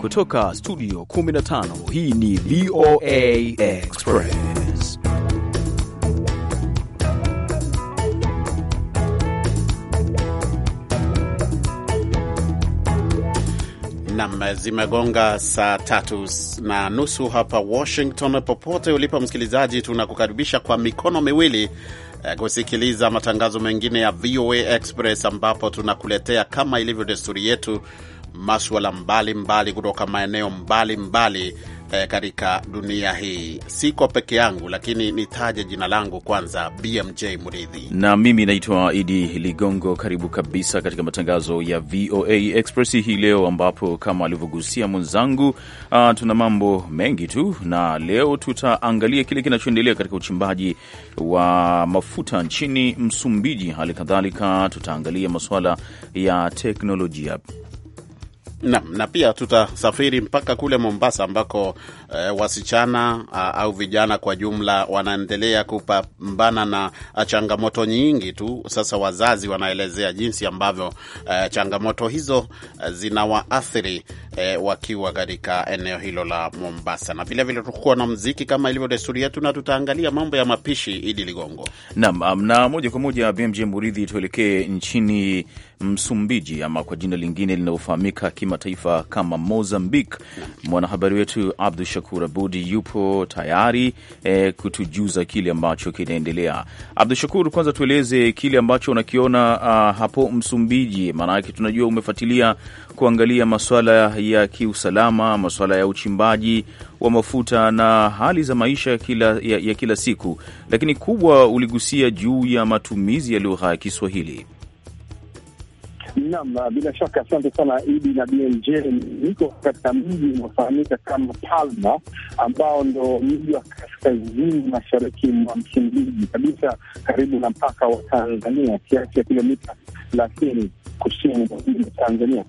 Kutoka studio 15 hii ni VOA Express. Nam, zimegonga saa tatu na nusu hapa Washington. Popote ulipo msikilizaji, tunakukaribisha kwa mikono miwili eh, kusikiliza matangazo mengine ya VOA Express ambapo tunakuletea kama ilivyo desturi yetu maswala mbalimbali kutoka maeneo mbalimbali eh, katika dunia hii. Siko peke yangu, lakini nitaje jina langu kwanza, BMJ Muridhi, na mimi naitwa Idi Ligongo. Karibu kabisa katika matangazo ya VOA Express hii leo, ambapo kama alivyogusia mwenzangu uh, tuna mambo mengi tu, na leo tutaangalia kile kinachoendelea katika uchimbaji wa mafuta nchini Msumbiji. Hali kadhalika tutaangalia masuala ya teknolojia na, na pia tutasafiri mpaka kule Mombasa ambako e, wasichana a, au vijana kwa jumla wanaendelea kupambana na changamoto nyingi tu. Sasa wazazi wanaelezea jinsi ambavyo e, changamoto hizo eh, zinawaathiri e, wakiwa katika eneo hilo la Mombasa, na vilevile tutakuwa na mziki kama ilivyo desturi yetu, na tutaangalia mambo ya mapishi. Idi Ligongo nam na moja kwa moja BMJ Muridhi, tuelekee nchini Msumbiji ama kwa jina lingine linalofahamika kimataifa kama Mozambique. Mwanahabari wetu Abdu Shakur Abudi yupo tayari e, kutujuza kile ambacho kinaendelea. Abdu Shakur, kwanza tueleze kile ambacho unakiona a, ah, hapo Msumbiji, maanake tunajua umefuatilia kuangalia maswala ya kiusalama, maswala ya uchimbaji wa mafuta na hali za maisha kila, ya, ya kila siku, lakini kubwa uligusia juu ya matumizi ya lugha ya Kiswahili. Naam, uh, bila shaka, asante sana Idi na BMJ. Niko katika mji unaofahamika kama Palma, ambao ndo mji wa kaskazini mashariki mwa Msumbiji kabisa, karibu na mpaka wa Tanzania, kiasi ya kilomita thelathini kusini mwa Tanzania,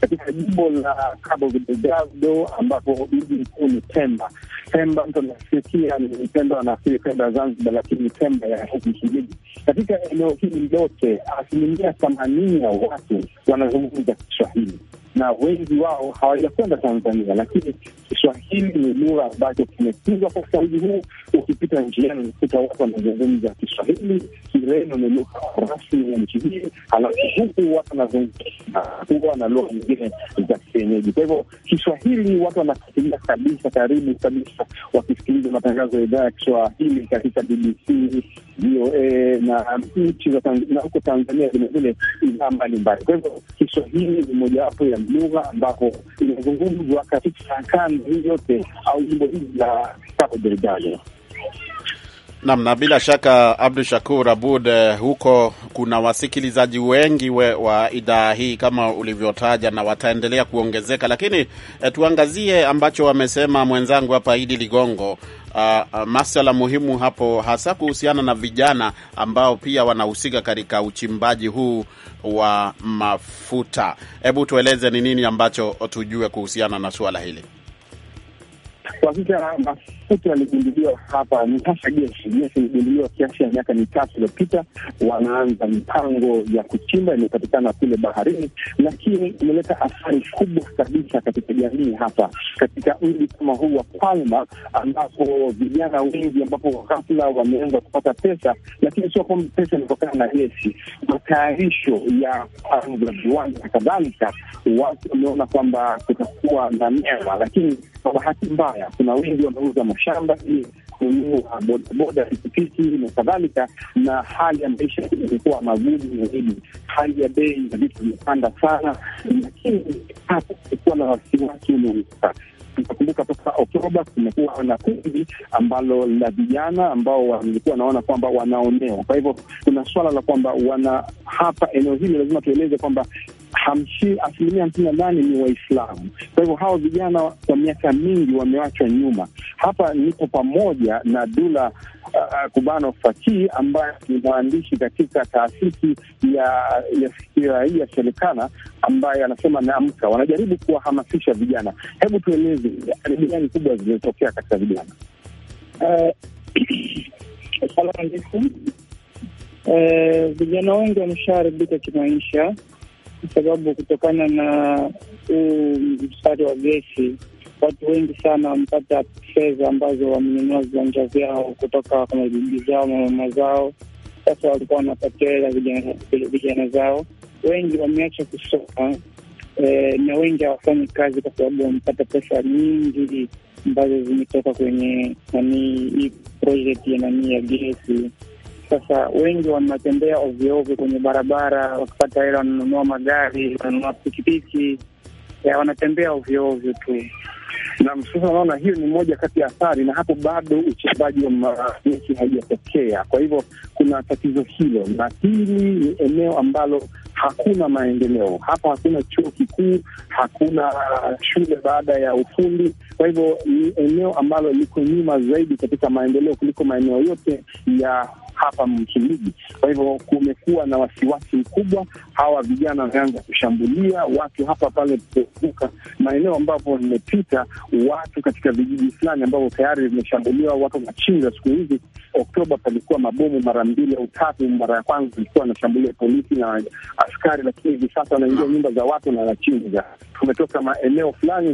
katika jimbo la Cabo Delgado ambapo mji mkuu ni Pemba. Pemba mtu anasikia ni Pemba, anafikiri Pemba ya Zanzibar, lakini Pemba ya huku Msumbiji. Katika eneo hili lote asilimia themanini ya watu wanazungumza Kiswahili na wengi wao hawajakwenda Tanzania, lakini Kiswahili ni lugha ambacho kimekuzwa kwa mji huu. Ukipita njiani kuta watu wanazungumza Kiswahili. Kireno ni lugha rasmi ya nchi hii, halafu huku watu wanazungumza na lugha nyingine za kienyeji. Kwa hivyo Kiswahili watu wanafikiria kabisa, karibu kabisa, wakisikiliza matangazo ya idhaa ya Kiswahili katika BBC VOA eh, na nchi na huko Tanzania vilevile idhaa mbalimbali. Kwa hivyo Kiswahili ni mojawapo ya lugha ambapo inazungumzwa katika kanda hii yote au jimbo hili la Cabo Delgado. Nam, na bila shaka Abdu Shakur Abud, eh, huko kuna wasikilizaji wengi we, wa idhaa hii kama ulivyotaja, na wataendelea kuongezeka, lakini eh, tuangazie ambacho wamesema mwenzangu hapa Idi Ligongo. Uh, ah, ah, masala muhimu hapo hasa kuhusiana na vijana ambao pia wanahusika katika uchimbaji huu wa mafuta. Hebu tueleze ni nini ambacho tujue kuhusiana na suala hili kwa Mafuta yaligunduliwa hapa ni hasa gesi. Gesi iligunduliwa kiasi ya miaka mitatu iliyopita, wanaanza mipango ya kuchimba, imepatikana kule baharini, lakini imeleta athari kubwa kabisa katika jamii hapa katika mji kama huu wa Palma, ambapo vijana wengi ambapo ghafla wameanza kupata pesa, lakini sio kwamba pesa inatokana na gesi. Matayarisho ya kuanza viwanja na kadhalika, watu wameona kwamba kutakuwa na neema, lakini kwa bahati mbaya kuna wengi wanauza mashamba, ni kununua bodaboda, pikipiki na kadhalika, na hali ya maisha ilikuwa magumu zaidi. Hali ya bei na vitu vimepanda sana, lakini kulikuwa na wasiwasi umeongezeka. Nakumbuka toka Oktoba kumekuwa na kundi ambalo la vijana ambao walikuwa wanaona kwamba wanaonewa. Kwa hivyo kuna swala la kwamba wana hapa eneo hili, lazima tueleze kwamba hamsi asilimia hamsini na nane ni Waislamu. Kwa hivyo hawa vijana kwa miaka mingi wamewachwa nyuma. Hapa niko pamoja na Dula uh, Kubano Faki ambaye ni mwandishi katika taasisi ya ya Serikana ambaye anasema Naamka wanajaribu kuwahamasisha vijana. Hebu tueleze aribiani gani kubwa zilizotokea katika vijana? Eh, Asalamu eh, Vijana wengi wameshaharibika kimaisha kwa sababu kutokana na huu mstari wa gesi, watu wengi sana wamepata fedha ambazo wamenunua viwanja vyao kutoka kwenye mabibi zao, mamama zao. Sasa walikuwa wanapatia hela vijana zao, wengi wameacha kusoma e, na wengi hawafanyi kazi kwa sababu wamepata pesa nyingi ambazo zimetoka kwenye nanii hii projekti ya nanii ya gesi. Sasa wengi wanatembea ovyoovyo kwenye barabara, wakipata hela wananunua magari, wananunua pikipiki, wanatembea ovyoovyo tu. Naam, sasa unaona, hiyo ni moja kati ya athari, na hapo bado uchimbaji wa miti haijatokea. Kwa hivyo kuna tatizo hilo, na hili ni eneo ambalo hakuna maendeleo hapo, hakuna chuo kikuu, hakuna shule baada ya ufundi. Kwa hivyo ni eneo ambalo liko nyuma zaidi katika maendeleo kuliko maeneo yote ya hapa Msumbiji. Kwa hivyo kumekuwa na wasiwasi mkubwa, hawa vijana wameanza kushambulia watu hapa pale kuuka maeneo ambapo nimepita, watu katika vijiji fulani ambavyo tayari vimeshambuliwa, watu wanachinja. Siku hizi Oktoba palikuwa mabomu mara mbili au tatu. Mara ya kwanza ilikuwa wanashambulia polisi na askari, lakini hivi sasa wanaingia nyumba za watu na wanachinja. Tumetoka maeneo fulani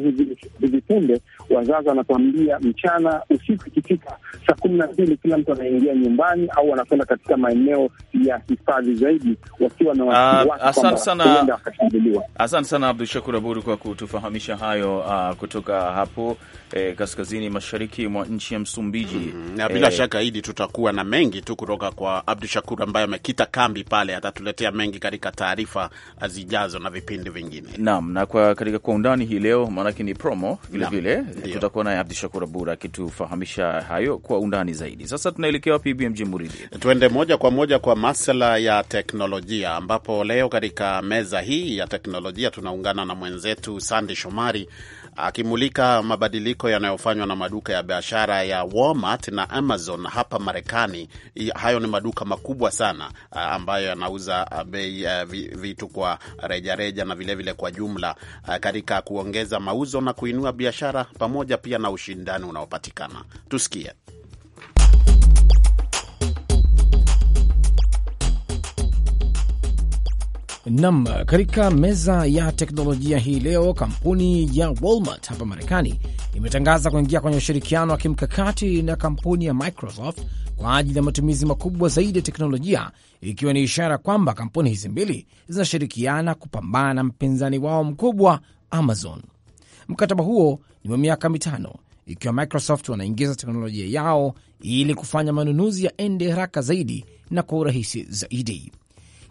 hivi punde wazazi wanakuambia mchana, usiku ikifika saa kumi na mbili kila mtu anaingia nyumbani au wanakwenda katika maeneo ya hifadhi zaidi, wakiwa na ah, wasiwasi kwamba wakashambuliwa. Asante sana Abdu Shakur Abud kwa kutufahamisha hayo uh, kutoka hapo eh, kaskazini mashariki mwa nchi ya Msumbiji mm -hmm. na bila eh, shaka hili tutakuwa na mengi tu kutoka kwa Abdu Shakur ambaye amekita kambi pale, atatuletea mengi katika taarifa zijazo na vipindi vingine. Naam, na kwa katika kwa undani hii leo maanake ni promo vilevile tutakuwa naye Abdu Shakur Abura akitufahamisha hayo kwa undani zaidi. Sasa tunaelekea wapi, BMJ Muridi? Tuende moja kwa moja kwa masala ya teknolojia, ambapo leo katika meza hii ya teknolojia tunaungana na mwenzetu Sandi Shomari akimulika mabadiliko yanayofanywa na maduka ya biashara ya Walmart na Amazon hapa Marekani. Hayo ni maduka makubwa sana ambayo yanauza bei vitu kwa rejareja reja na vilevile vile kwa jumla, katika kuongeza mauzo na kuinua biashara pamoja pia na ushindani unaopatikana. Tusikie. Nam, katika meza ya teknolojia hii leo, kampuni ya Walmart hapa Marekani imetangaza kuingia kwenye ushirikiano wa kimkakati na kampuni ya Microsoft kwa ajili ya matumizi makubwa zaidi ya teknolojia, ikiwa ni ishara kwamba kampuni hizi mbili zinashirikiana kupambana na mpinzani wao mkubwa Amazon. Mkataba huo ni wa miaka mitano, ikiwa Microsoft wanaingiza teknolojia yao ili kufanya manunuzi ya ende haraka zaidi na kwa urahisi zaidi.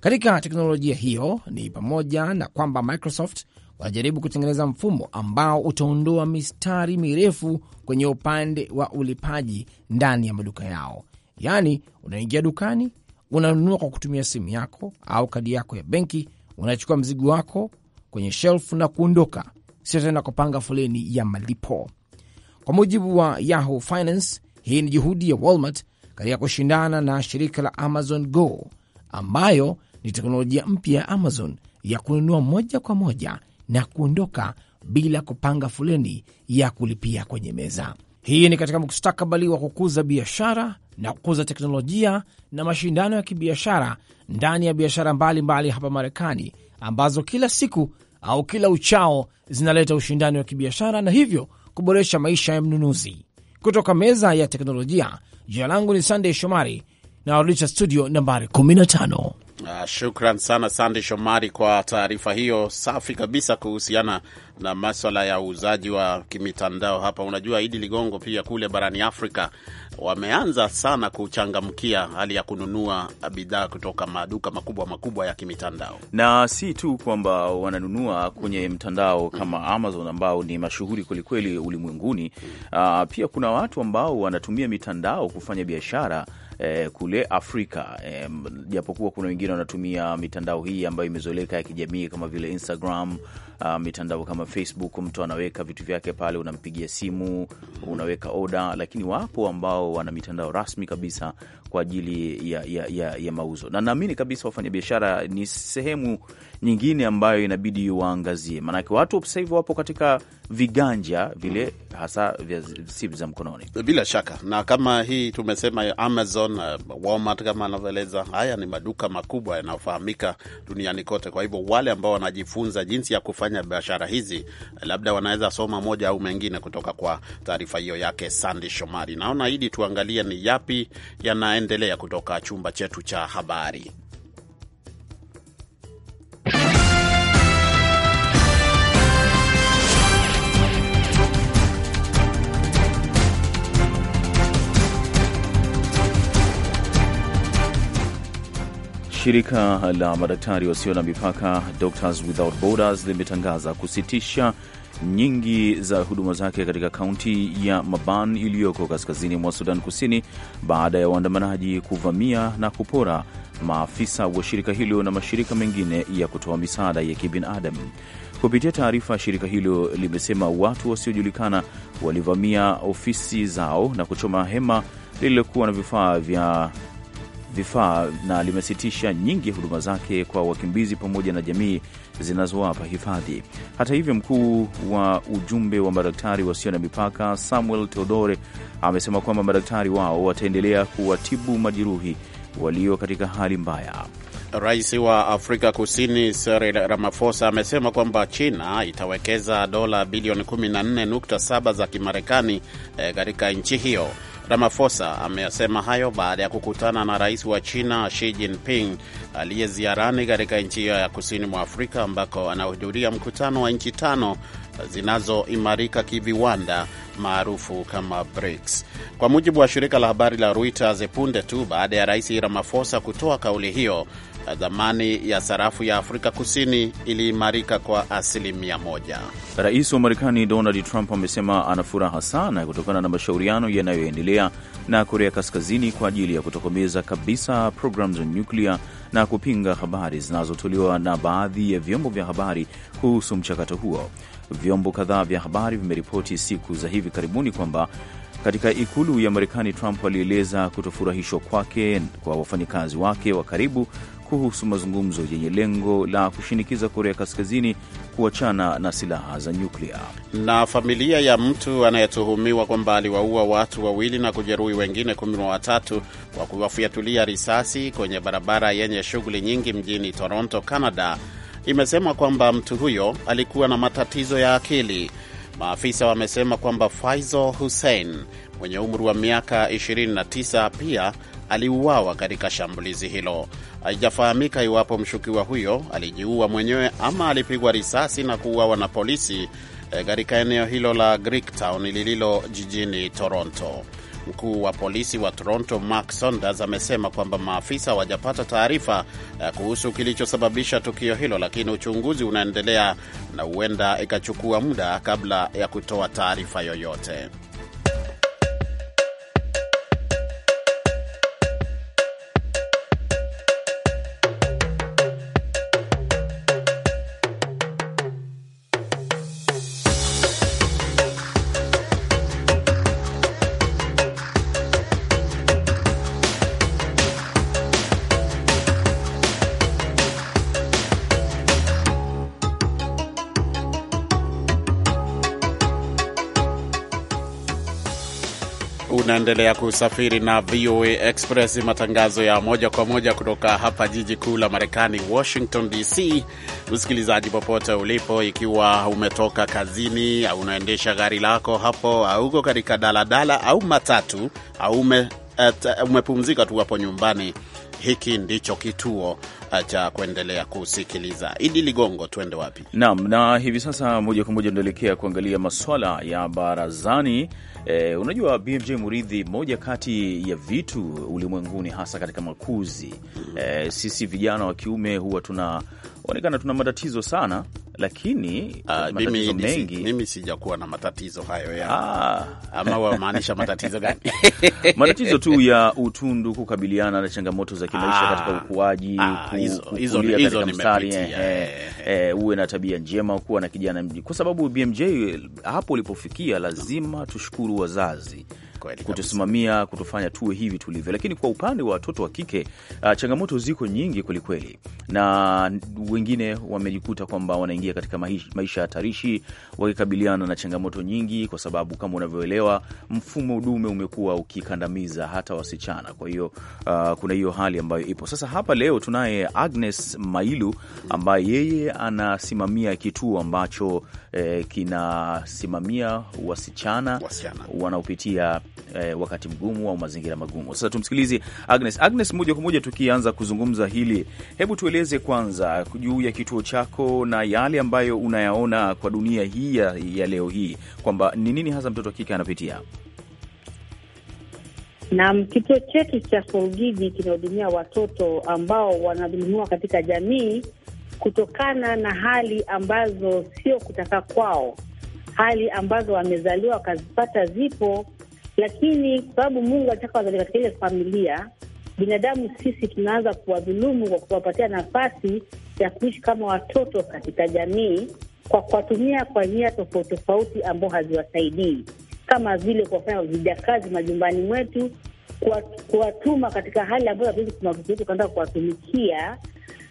Katika teknolojia hiyo ni pamoja na kwamba Microsoft wanajaribu kutengeneza mfumo ambao utaondoa mistari mirefu kwenye upande wa ulipaji ndani ya maduka yao. Yaani, unaingia dukani, unanunua kwa kutumia simu yako au kadi yako ya benki, unachukua mzigo wako kwenye shelf na kuondoka, sio tena kupanga foleni ya malipo. Kwa mujibu wa Yahoo Finance, hii ni juhudi ya Walmart katika kushindana na shirika la Amazon Go ambayo ni teknolojia mpya ya Amazon ya kununua moja kwa moja na kuondoka bila kupanga fuleni ya kulipia kwenye meza. Hii ni katika mustakabali wa kukuza biashara na kukuza teknolojia na mashindano ya kibiashara ndani ya biashara mbalimbali hapa Marekani, ambazo kila siku au kila uchao zinaleta ushindani wa kibiashara na hivyo kuboresha maisha ya mnunuzi. Kutoka meza ya teknolojia, jina langu ni Sandey Shomari na warudisha studio nambari 15. Uh, shukran sana Sande Shomari kwa taarifa hiyo safi kabisa kuhusiana na maswala ya uuzaji wa kimitandao hapa. Unajua Idi Ligongo, pia kule barani Afrika wameanza sana kuchangamkia hali ya kununua bidhaa kutoka maduka makubwa makubwa ya kimitandao, na si tu kwamba wananunua kwenye mtandao kama Amazon ambao ni mashuhuri kwelikweli ulimwenguni. Uh, pia kuna watu ambao wanatumia mitandao kufanya biashara eh, kule Afrika eh, japokuwa kuna wengine wanatumia mitandao hii ambayo imezoeleka ya kijamii kama vile Instagram, uh, mitandao kama Facebook. Mtu anaweka vitu vyake pale, unampigia simu, unaweka oda, lakini wapo ambao wana mitandao rasmi kabisa kwa ajili ya, ya, ya, ya mauzo, na naamini kabisa wafanyabiashara ni sehemu nyingine ambayo inabidi waangazie, maanake watu sasa hivi wapo katika viganja vile hasa vya simu za mkononi, bila shaka na kama hii tumesema Amazon na eh, Walmart kama anavyoeleza. Haya ni maduka makubwa yanayofahamika duniani kote. Kwa hivyo wale ambao wanajifunza jinsi ya kufanya biashara hizi, eh, labda wanaweza soma moja au mengine kutoka kwa taarifa hiyo yake Sandy Shomari. Naona hidi tuangalie ni yapi yanaendelea kutoka chumba chetu cha habari. Shirika la madaktari wasio na mipaka Doctors Without Borders limetangaza kusitisha nyingi za huduma zake katika kaunti ya Maban iliyoko kaskazini mwa Sudan Kusini baada ya waandamanaji kuvamia na kupora maafisa wa shirika hilo na mashirika mengine ya kutoa misaada ya kibinadamu. Kupitia taarifa, shirika hilo limesema watu wasiojulikana walivamia ofisi zao na kuchoma hema lililokuwa na vifaa vya vifaa na limesitisha nyingi huduma zake kwa wakimbizi pamoja na jamii zinazowapa hifadhi. Hata hivyo, mkuu wa ujumbe wa madaktari wasio na mipaka Samuel Teodore amesema kwamba madaktari wao wataendelea kuwatibu majeruhi walio katika hali mbaya. Rais wa Afrika Kusini Cyril Ramaphosa amesema kwamba China itawekeza dola bilioni 14.7 za Kimarekani eh, katika nchi hiyo. Ramaphosa ameyasema hayo baada ya kukutana na rais wa China Xi Jinping aliyeziarani katika nchi hiyo ya kusini mwa Afrika ambako anahudhuria mkutano wa nchi tano zinazoimarika kiviwanda maarufu kama BRICS. Kwa mujibu wa shirika la habari la Reuters, punde tu baada ya rais Ramaphosa kutoa kauli hiyo dhamani ya sarafu ya Afrika Kusini iliimarika kwa asilimia moja. Rais wa Marekani Donald Trump amesema ana furaha sana kutokana na mashauriano yanayoendelea na Korea Kaskazini kwa ajili ya kutokomeza kabisa programu za nyuklia na kupinga habari zinazotolewa na baadhi ya vyombo vya habari kuhusu mchakato huo. Vyombo kadhaa vya habari vimeripoti siku za hivi karibuni kwamba katika ikulu ya Marekani, Trump alieleza kutofurahishwa kwake kwa wafanyakazi wake wa karibu kuhusu mazungumzo yenye lengo la kushinikiza Korea Kaskazini kuachana na silaha za nyuklia. Na familia ya mtu anayetuhumiwa kwamba aliwaua watu wawili na kujeruhi wengine kumi na watatu kwa kuwafiatulia risasi kwenye barabara yenye shughuli nyingi mjini Toronto, Canada, imesema kwamba mtu huyo alikuwa na matatizo ya akili. Maafisa wamesema kwamba Faisal Hussein mwenye umri wa miaka 29 pia aliuawa katika shambulizi hilo. Haijafahamika iwapo mshukiwa huyo alijiua mwenyewe ama alipigwa risasi na kuuawa na polisi eh, katika eneo hilo la Greektown lililo jijini Toronto. Mkuu wa polisi wa Toronto Mark Saunders amesema kwamba maafisa hawajapata taarifa eh, kuhusu kilichosababisha tukio hilo, lakini uchunguzi unaendelea na huenda ikachukua muda kabla ya kutoa taarifa yoyote. Unaendelea kusafiri na VOA Express, matangazo ya moja kwa moja kutoka hapa jiji kuu la Marekani, Washington DC. Msikilizaji popote ulipo, ikiwa umetoka kazini au unaendesha gari lako hapo au uko katika daladala au matatu au ume, et, eh, eh, umepumzika tu hapo nyumbani hiki ndicho kituo uh, cha kuendelea kusikiliza. Idi Ligongo, tuende wapi? Naam, na hivi sasa moja kwa moja tunaelekea kuangalia maswala ya barazani. Eh, unajua BMJ Muridhi, moja kati ya vitu ulimwenguni hasa katika makuzi mm -hmm. Eh, sisi vijana wa kiume huwa tunaonekana tuna matatizo sana lakini uh, mimi, mengi... mimi sijakuwa na matatizo hayo ya ah. Ama wamaanisha matatizo gani? matatizo tu ya utundu, kukabiliana na changamoto za kimaisha ah. katika ukuaji ah, katika eh eh, eh, eh, uwe na tabia njema, kuwa na kijana mji, kwa sababu BMJ hapo ulipofikia lazima tushukuru wazazi kweli, kutusimamia kutufanya tuwe hivi tulivyo. Lakini kwa upande wa watoto wa kike uh, changamoto ziko nyingi kwelikweli, na wengine wamejikuta kwamba wanaingia katika maisha hatarishi wakikabiliana na changamoto nyingi, kwa sababu kama unavyoelewa mfumo dume umekuwa ukikandamiza hata wasichana. Kwa hiyo uh, kuna hiyo hali ambayo ipo sasa. Hapa leo tunaye Agnes Mailu ambaye yeye anasimamia kituo ambacho eh, kinasimamia wasichana, wasichana wanaopitia eh, wakati mgumu au mazingira magumu. Sasa tumsikilize Agnes. Agnes, moja kwa moja tukianza kuzungumza hili, hebu tueleze kwanza juu ya kituo chako na yale ambayo unayaona kwa dunia hii ya, ya leo hii kwamba ni nini hasa mtoto wa kike anapitia. Naam, kituo chetu cha Solgidi kinahudumia watoto ambao wanadhulumiwa katika jamii kutokana na hali ambazo sio kutaka kwao, hali ambazo wamezaliwa wakazipata zipo, lakini kwa sababu Mungu alitaka wazali katika ile familia, binadamu sisi tunaanza kuwadhulumu kwa kuwapatia nafasi ya kuishi kama watoto katika jamii kwa kuwatumia kwa njia tofauti tofauti ambao haziwasaidii, kama vile kuwafanya vijakazi majumbani mwetu, kuwatuma katika hali ambayo hatuwezi kumavutu kuenda kuwatumikia,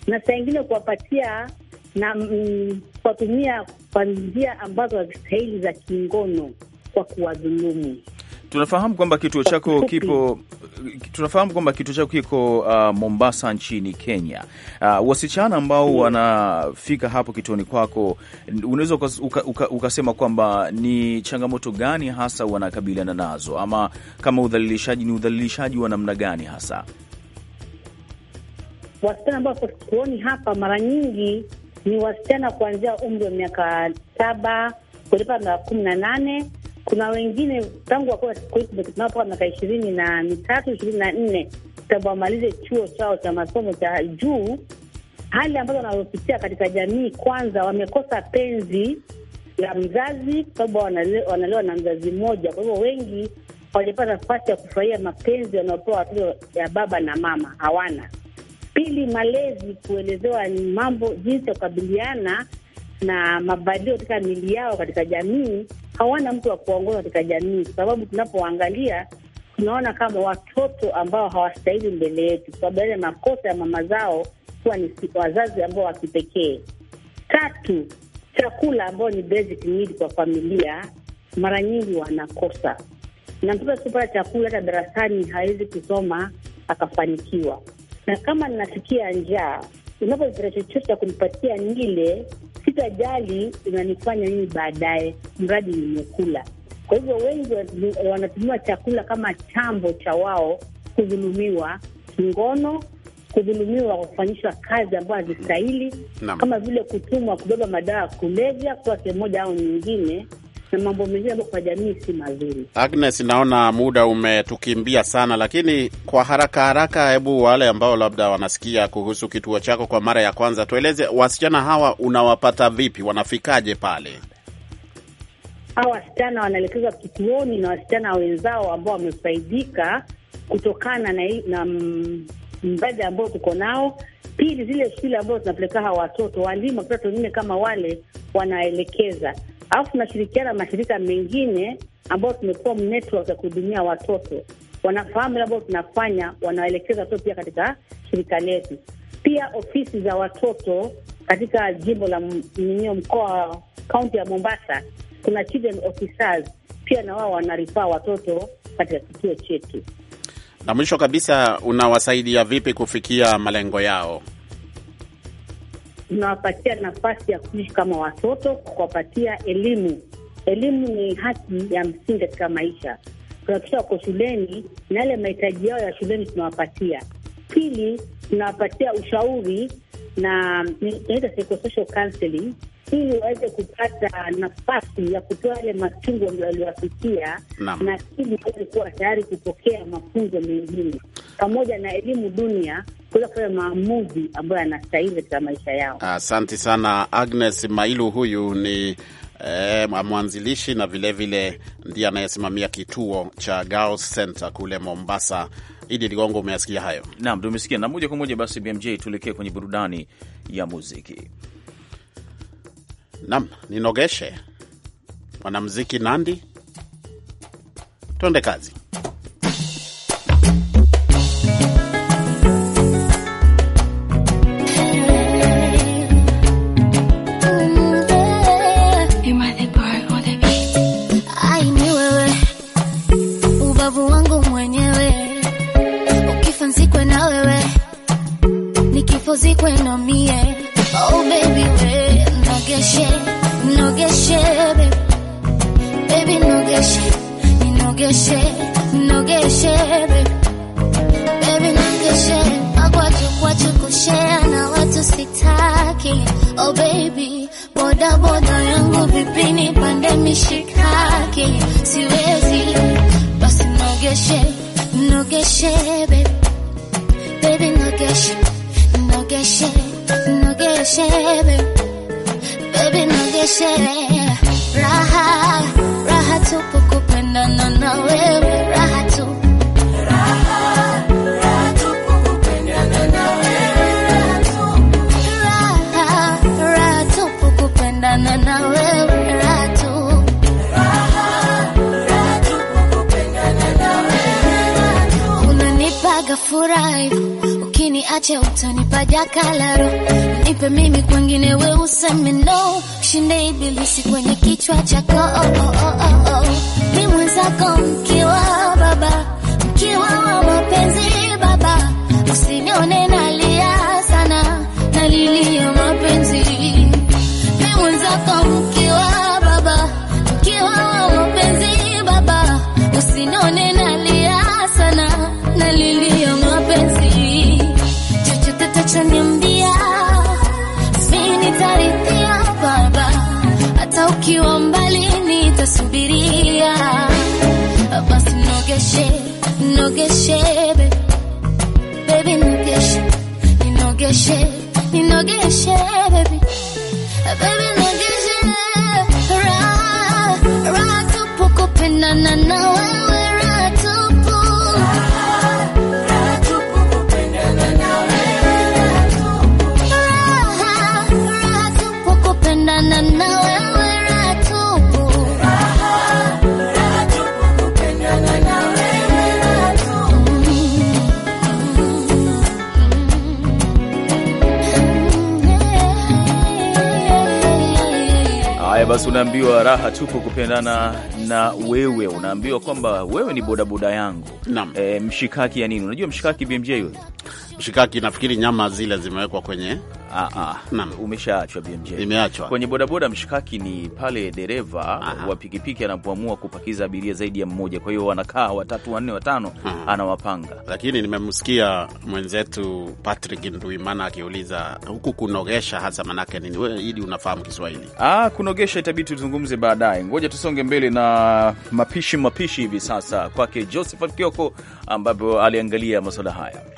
na saa ingine kuwapatia na mm, kuwatumia kwa njia ambazo hazistahili za kingono kwa kuwadhulumu. Tunafahamu kwamba kituo chako kipo tunafahamu kwamba kituo chako kiko uh, Mombasa nchini Kenya. Uh, wasichana ambao wanafika hapo kituoni kwako, unaweza uka, uka, ukasema kwamba ni changamoto gani hasa wanakabiliana nazo, ama kama udhalilishaji ni udhalilishaji wa namna gani hasa wasichana ambao kituoni hapa? Mara nyingi ni wasichana kuanzia umri wa miaka saba kulipa miaka kumi na nane kuna wengine tangu tunapoa miaka ishirini na mitatu ishirini na nne sababu wamalize chuo chao cha masomo cha juu, hali ambazo wanazopitia katika jamii. Kwanza wamekosa penzi la mzazi, kwa sababu wanalewa na mzazi mmoja. Kwa hivyo wengi walipata nafasi ya kufurahia mapenzi wanaopewa watoto ya baba na mama hawana. Pili, malezi, kuelezewa ni mambo jinsi ya kukabiliana na mabadiliko katika mili yao katika jamii hawana mtu wa kuongoza katika jamii, kwa sababu tunapoangalia tunaona kama watoto ambao hawastahili mbele yetu, kwa sababu yale makosa ya mama zao huwa ni wazazi ambao wakipekee Tatu, chakula ambao ni basic need kwa familia, mara nyingi wanakosa, na mtoto asipopata chakula hata darasani hawezi kusoma akafanikiwa. Na kama ninafikia njaa, unapoipata chochote cha kunipatia nile, sitajali inanifanya nini baadaye, mradi nimekula. Kwa hivyo wengi wanatumia chakula kama chambo cha wao kudhulumiwa kingono, kudhulumiwa kufanyishwa kazi ambayo hazistahili, kama vile kutumwa kubeba madawa ya kulevya kuwa sehemu moja au nyingine mambo mengine kwa jamii si mazuri. Agnes, naona muda umetukimbia sana, lakini kwa haraka haraka, hebu wale ambao labda wanasikia kuhusu kituo chako kwa mara ya kwanza, tueleze wasichana hawa unawapata vipi, wanafikaje pale? Hawa wasichana wanaelekezwa kituoni na wasichana wenzao ambao wamefaidika kutokana na, na mradi ambao tuko nao. Pili, zile shule ambazo tunapeleka hawa watoto, walimu watoto wengine kama wale wanaelekeza alafu tunashirikiana na mashirika mengine ambayo tumekuwa network ya kuhudumia watoto, wanafahamu ile ambayo tunafanya, wanaelekeza watoto pia katika shirika letu. Pia ofisi za watoto katika jimbo la ninio mkoa kaunti ya Mombasa, kuna children officers pia na wao wanarifaa watoto katika kituo chetu. Na mwisho kabisa, unawasaidia vipi kufikia malengo yao? tunawapatia nafasi ya kuishi kama watoto kwa kuwapatia elimu. Elimu ni haki ya msingi katika maisha. Tunahakikisha wako shuleni na yale mahitaji yao ya shuleni tunawapatia. Pili, tunawapatia ushauri na inaitwa psychosocial counseling ili waweze kupata nafasi ya kutoa yale matungo ndio na ili waweze kuwa tayari kupokea mafunzo mengine pamoja na elimu dunia kuweza kufanya maamuzi ambayo yanastahili katika maisha yao. Asante sana Agnes Mailu, huyu ni E, mwanzilishi na vilevile ndiye anayesimamia kituo cha Girls Center kule Mombasa. Idi Ligongo, umeasikia hayo? Naam, tumesikia. Na moja kwa moja basi, BMJ, tuelekee kwenye burudani ya muziki. Nam ninogeshe mwanamuziki Nandi, twende kazi. niache utanipa jakalaro, nipe mimi kwengine, we useme no, shinde ibilisi kwenye kichwa chako. Oh, oh, oh, oh, Ni oh. mwenzako mkiwa you no get share, baby, you no get share, you no get share, baby. tunaambiwa raha tupo kupendana na wewe, unaambiwa kwamba wewe ni bodaboda yangu. E, mshikaki ya nini? Unajua mshikaki BMJ, yule mshikaki, nafikiri nyama zile zimewekwa kwenye Ah, ah. umeshaachwa BMJ. Imeachwa kwenye bodaboda. Mshikaki ni pale dereva wa pikipiki anapoamua kupakiza abiria zaidi ya mmoja, kwa hiyo wanakaa watatu, wanne, watano, anawapanga. Lakini nimemsikia mwenzetu Patrick Nduimana akiuliza huku kunogesha hasa manake nini? Wewe ili unafahamu Kiswahili. Ah, kunogesha itabidi tuzungumze baadaye. Ngoja tusonge mbele na mapishi mapishi hivi sasa kwake Joseph Kioko, ambapo aliangalia masuala haya.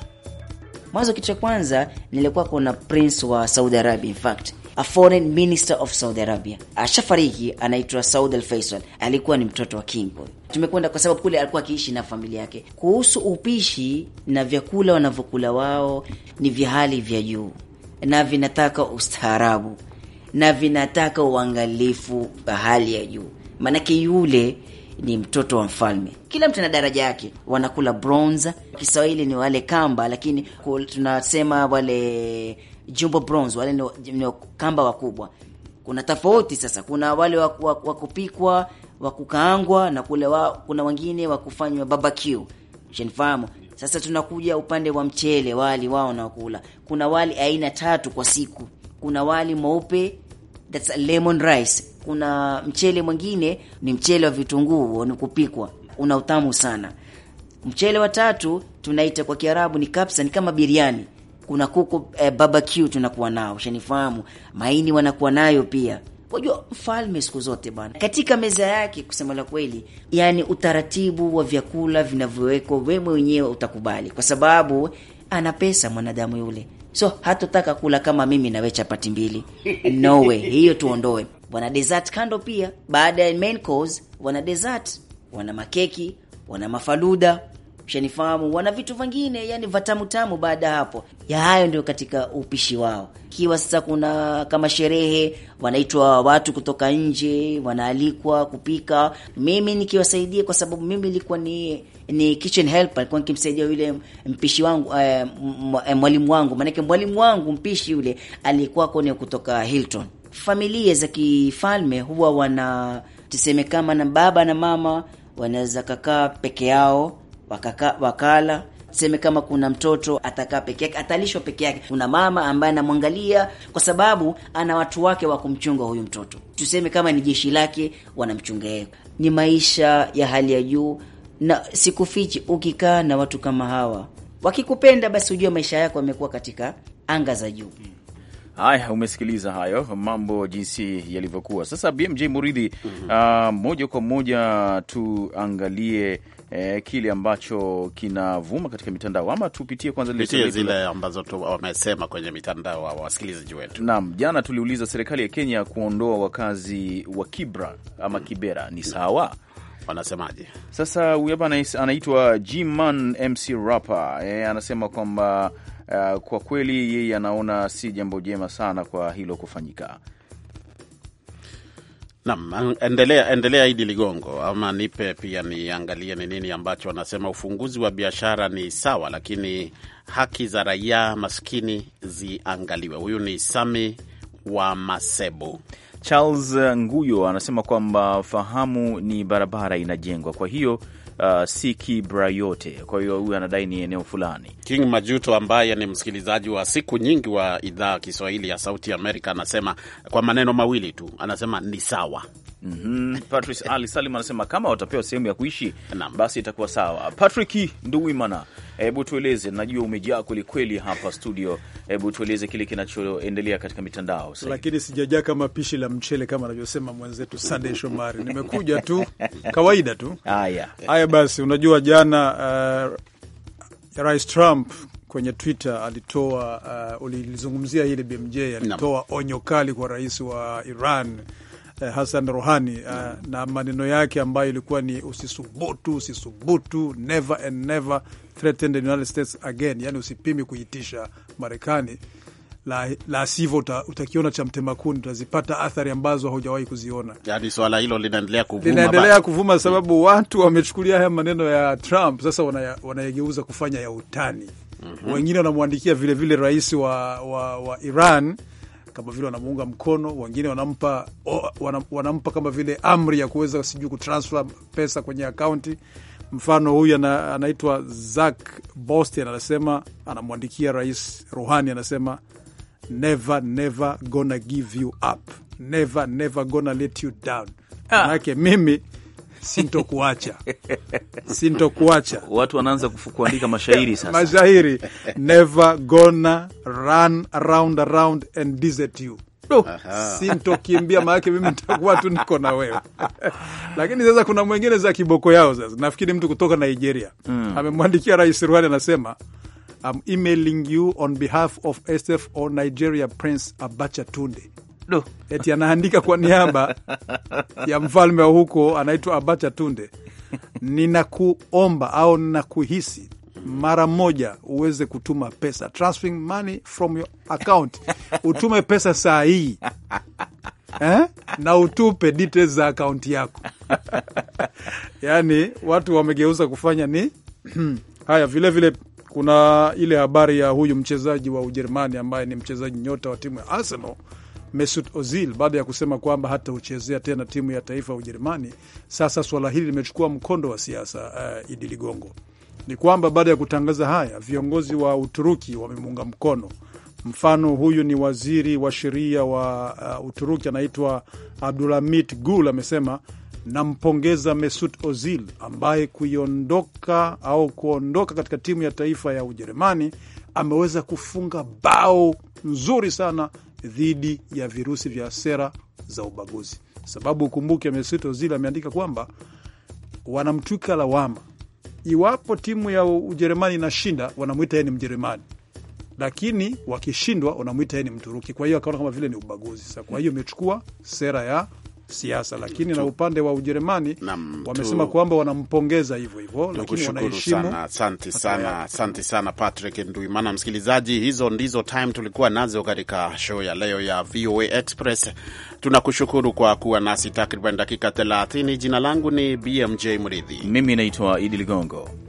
Mwanzo kitu cha kwanza nilikuwa kuna prince wa Saudi Arabia, in fact a foreign minister of Saudi Arabia ashafariki, anaitwa Saud Al Faisal, alikuwa ni mtoto wa king. Tumekwenda kwa sababu kule alikuwa akiishi na familia yake. Kuhusu upishi na vyakula wanavyokula wao, ni vya hali vya juu na vinataka ustaarabu na vinataka uangalifu wa hali ya juu, maanake yule ni mtoto wa mfalme. Kila mtu ana daraja yake, wanakula bronze. Kiswahili ni wale kamba, lakini tunasema wale jumbo bronze, wale ni kamba wakubwa. Kuna tofauti sasa, kuna wale wa kupikwa wa kukaangwa na kule wa, kuna wengine wa kufanywa barbecue, ushanifahamu? Sasa tunakuja upande wa mchele, wali wao nakula. Kuna wali aina tatu kwa siku, kuna wali mweupe that's a lemon rice. Kuna mchele mwingine ni mchele wa vitunguu, ni kupikwa, una utamu sana. Mchele wa tatu tunaita kwa Kiarabu ni kapsa, ni kama biriani. Kuna kuku eh, barbecue tunakuwa nao, ushanifahamu. Maini wanakuwa nayo pia. Unajua mfalme siku zote bwana, katika meza yake, kusema la kweli, yani utaratibu wa vyakula vinavyowekwa, wewe mwenyewe utakubali, kwa sababu ana pesa mwanadamu yule so hatutaka kula kama mimi nawe chapati mbili, no way, hiyo tuondoe. Wana dessert kando pia, baada ya main course wana dessert, wana makeki, wana mafaluda ushanifahamu, wana vitu vingine yani vatamutamu. Baada ya hapo ya hayo ndio katika upishi wao. Kiwa sasa kuna kama sherehe, wanaitwa watu kutoka nje, wanaalikwa kupika, mimi nikiwasaidia, kwa sababu mimi nilikuwa ni ni kitchen helper, nilikuwa nikimsaidia yule mpishi wangu eh, eh mwalimu wangu, maanake mwalimu wangu mpishi yule alikuwa kone kutoka Hilton. Familia za kifalme huwa wana tuseme kama na baba na mama wanaweza kakaa peke yao wakaka, wakala seme kama kuna mtoto atakaa peke yake, atalishwa peke yake, kuna mama ambaye anamwangalia, kwa sababu ana watu wake wa kumchunga huyu mtoto. Tuseme kama ni jeshi lake, wanamchunga yeye. Ni maisha ya hali ya juu, na sikufichi, ukikaa na watu kama hawa, wakikupenda, basi ujue maisha yako yamekuwa katika anga za juu. Haya, umesikiliza hayo mambo jinsi yalivyokuwa. Sasa BMJ Muridhi, mm -hmm. Uh, moja kwa moja tuangalie eh, kile ambacho kinavuma katika mitandao, ama tupitie kwanza lile zile ambazo tu wamesema kwenye mitandao wa wasikilizaji wetu. Naam, jana tuliuliza serikali ya Kenya kuondoa wakazi wa Kibra ama Kibera ni sawa wanasemaje? Sasa huyu hapa anaitwa Gman MC Rapper eh, anasema kwamba uh, kwa kweli yeye anaona si jambo jema sana kwa hilo kufanyika. Naam, endelea endelea, Idi Ligongo, ama nipe pia niangalie ni nini ambacho wanasema. Ufunguzi wa biashara ni sawa, lakini haki za raia maskini ziangaliwe. Huyu ni Sami wa Masebu. Charles Nguyo anasema kwamba fahamu ni barabara inajengwa, kwa hiyo uh, Sikibrayote. Kwa hiyo huyu anadai ni eneo fulani. King Majuto ambaye ni msikilizaji wa siku nyingi wa idhaa ya Kiswahili ya Sauti Amerika anasema kwa maneno mawili tu, anasema ni sawa. Mm -hmm. Patrice Ali Salim anasema kama watapewa sehemu ya kuishi basi itakuwa sawa. Patrick Nduwimana Hebu tueleze, najua umejaa kwelikweli hapa studio, hebu tueleze kile kinachoendelea katika mitandao. Lakini sijajaa kama pishi la mchele kama anavyosema mwenzetu Sandey Shomari, nimekuja tu kawaida tu. Haya haya, basi, unajua jana uh, Rais Trump kwenye Twitter alitoa uh, ulizungumzia hili BMJ alitoa no. onyo kali kwa rais wa Iran uh, hasan rohani mm. uh, na maneno yake ambayo ilikuwa ni usisubutu, usisubutu, never and never threaten the United States again, yani usipimi kuitisha Marekani, la, la sivyo uta, utakiona cha mtema kuni, utazipata athari ambazo haujawahi kuziona. Yani swala hilo linaendelea kuvuma, linaendelea kuvuma sababu watu wamechukulia haya maneno ya Trump sasa wana kufanya ya utani. Mm -hmm. Wengine wanamwandikia vilevile rais wa, wa, wa Iran kama vile wanamuunga mkono, wengine wanampa, wanampa kama vile amri ya kuweza sijui kutransfer pesa kwenye akaunti Mfano huyu anaitwa Zak Bostian, anasema anamwandikia Rais Ruhani, anasema never never gonna give you up, never never gonna let you down. Ah. Manake ah, mimi sintokuacha sintokuacha. Watu wanaanza kuandika mashairi sasa, mashairi never gonna run around around and desert you sintokimbia maanake mimi nitakuwa tu niko na wewe lakini sasa kuna mwengine za kiboko yao. Sasa nafikiri mtu kutoka Nigeria mm. amemwandikia Rais Ruhani anasema I'm emailing you on behalf of SF or Nigeria Prince Abacha Tunde. No. Eti anaandika kwa niaba ya mfalme wa huko anaitwa Abacha Tunde, ninakuomba au ninakuhisi mara moja uweze kutuma pesa, transferring money from your account, utume pesa saa hii eh? na utupe details za akaunti yako yaani watu wamegeuza kufanya ni haya. Vilevile vile kuna ile habari ya huyu mchezaji wa Ujerumani ambaye ni mchezaji nyota wa timu ya Arsenal Mesut Ozil baada ya kusema kwamba hata huchezea tena timu ya taifa ya Ujerumani. Sasa swala hili limechukua mkondo wa siasa. Uh, Idi Ligongo ni kwamba baada ya kutangaza haya, viongozi wa Uturuki wamemuunga mkono. Mfano, huyu ni waziri wa sheria wa uh, Uturuki anaitwa Abdulhamit Gul, amesema nampongeza Mesut Ozil ambaye kuiondoka au kuondoka katika timu ya taifa ya Ujerumani ameweza kufunga bao nzuri sana dhidi ya virusi vya sera za ubaguzi. Sababu ukumbuke, Mesut Ozil ameandika kwamba wanamtwika lawama iwapo timu ya Ujerumani inashinda wanamwita yeye ni Mjerumani, lakini wakishindwa wanamwita yeye ni Mturuki. Kwa hiyo akaona kama vile ni ubaguzi sasa. Kwa hiyo imechukua sera ya siasa, lakini tu, na upande wa Ujerumani wamesema kwamba wanampongeza hivyo hivyo, lakini wanaheshimu. Asante sana, asante sana Patrick Nduimana. Msikilizaji, hizo ndizo time tulikuwa nazo katika show ya leo ya VOA Express. Tunakushukuru kwa kuwa nasi takriban dakika 30. Jina langu ni BMJ Mridhi, mimi naitwa Idi Ligongo.